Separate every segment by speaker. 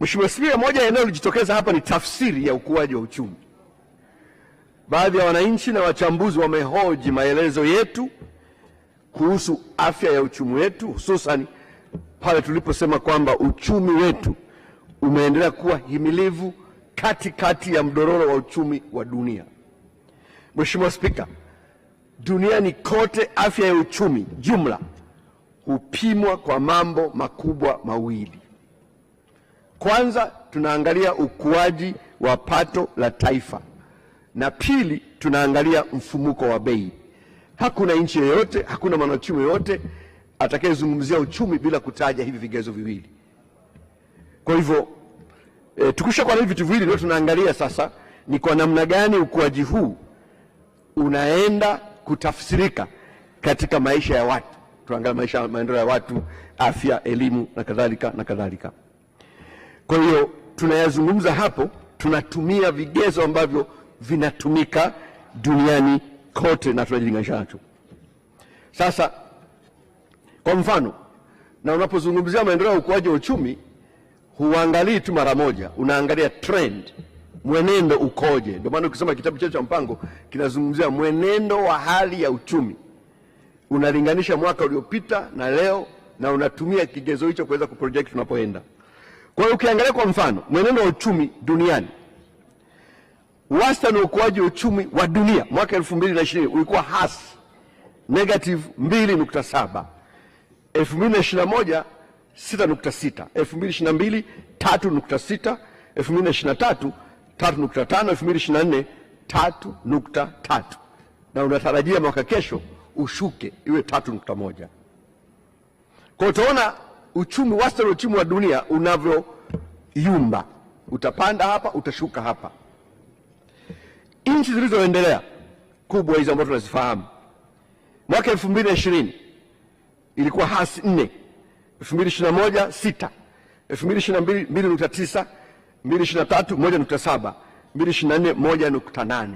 Speaker 1: Mheshimiwa Spika, moja eneo lijitokeza hapa ni tafsiri ya ukuaji wa uchumi. Baadhi ya wananchi na wachambuzi wamehoji maelezo yetu kuhusu afya ya uchumi wetu, hususan pale tuliposema kwamba uchumi wetu umeendelea kuwa himilivu katikati kati ya mdororo wa uchumi wa dunia. Mheshimiwa Spika, duniani kote afya ya uchumi jumla hupimwa kwa mambo makubwa mawili. Kwanza tunaangalia ukuaji wa pato la taifa, na pili tunaangalia mfumuko wa bei. Hakuna nchi yoyote, hakuna mwanachumi yoyote atakayezungumzia uchumi bila kutaja hivi vigezo viwili. Kwa hivyo e, tukisha na hivi vitu viwili ndio tunaangalia sasa ni kwa namna gani ukuaji huu unaenda kutafsirika katika maisha ya watu. Tuangalia maisha, maendeleo ya watu, afya, elimu na kadhalika na kadhalika. Kwa hiyo tunayazungumza hapo, tunatumia vigezo ambavyo vinatumika duniani kote na tunajilinganisha nacho. Sasa kwa mfano, na unapozungumzia maendeleo ya ukuaji wa uchumi huangalii tu mara moja, unaangalia trend, mwenendo ukoje. Ndio maana ukisoma kitabu chetu cha mpango kinazungumzia mwenendo wa hali ya uchumi, unalinganisha mwaka uliopita na leo, na unatumia kigezo hicho kuweza kuproject tunapoenda. Kwa hiyo ukiangalia kwa mfano mwenendo wa uchumi duniani, wastani wa ukuaji wa uchumi wa dunia mwaka na 2020 ulikuwa hasi negative 2.7, 2021 6.6, 2022 3.6, 2023 3.5, 2024 3.3, na unatarajia mwaka kesho ushuke iwe tatu nukta moja Kwa utaona uchumi wastani wa uchumi wa dunia unavyoyumba, utapanda hapa, utashuka hapa. Nchi zilizoendelea kubwa hizo ambazo tunazifahamu, mwaka 2020 ilikuwa hasi 4, 2021 6, 2022 2.9, 2023 1.7, 2024 1.8.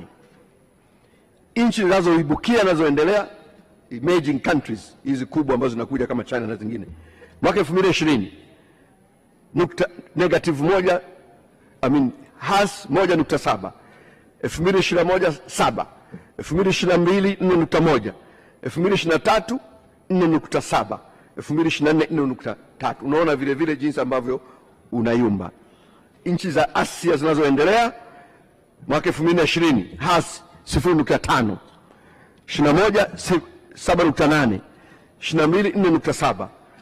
Speaker 1: Nchi zinazoibukia zinazoendelea, emerging countries hizi kubwa ambazo zinakuja kama China na zingine mwaka 2020 nukta negative moja, I mean has moja nukta saba, moja saba, mbili nne nukta moja, 2023 nne nukta saba, 2024 nne nukta tatu. Unaona vile vile jinsi ambavyo unayumba. Nchi za Asia zinazoendelea mwaka ishirini has nukta tano moja 0.5, mbili nne nukta saba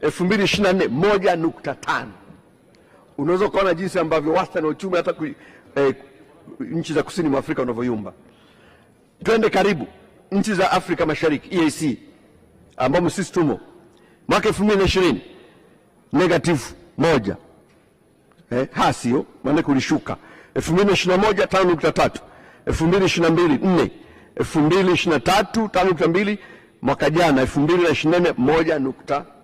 Speaker 1: elfu mbili ishirini na nne moja nukta tano. Unaweza ukaona jinsi ambavyo wastani wa uchumi hata eh, nchi za kusini mwa Afrika unavyoyumba. Twende karibu nchi za Afrika Mashariki EAC, ambamo sisi tumo, mwaka elfu mbili na ishirini negative moja eh, hasio maana kulishuka. elfu mbili na ishirini na moja tano nukta tatu elfu mbili ishirini na mbili nne elfu mbili ishirini na tatu tano nukta mbili mwaka jana elfu mbili na ishirini na nne moja nukta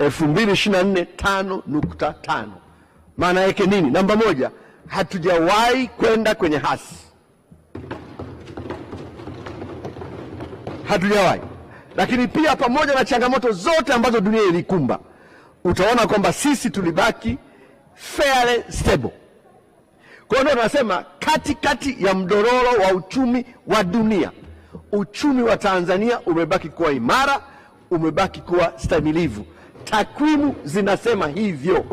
Speaker 1: 2024 Maana yake nini? Namba moja, hatujawahi kwenda kwenye hasi, hatujawahi. Lakini pia pamoja na changamoto zote ambazo dunia ilikumba, utaona kwamba sisi tulibaki fairly stable. Kwa hiyo ndio tunasema katikati ya mdororo wa uchumi wa dunia, uchumi wa Tanzania umebaki kuwa imara, umebaki kuwa stamilivu. Takwimu zinasema hivyo.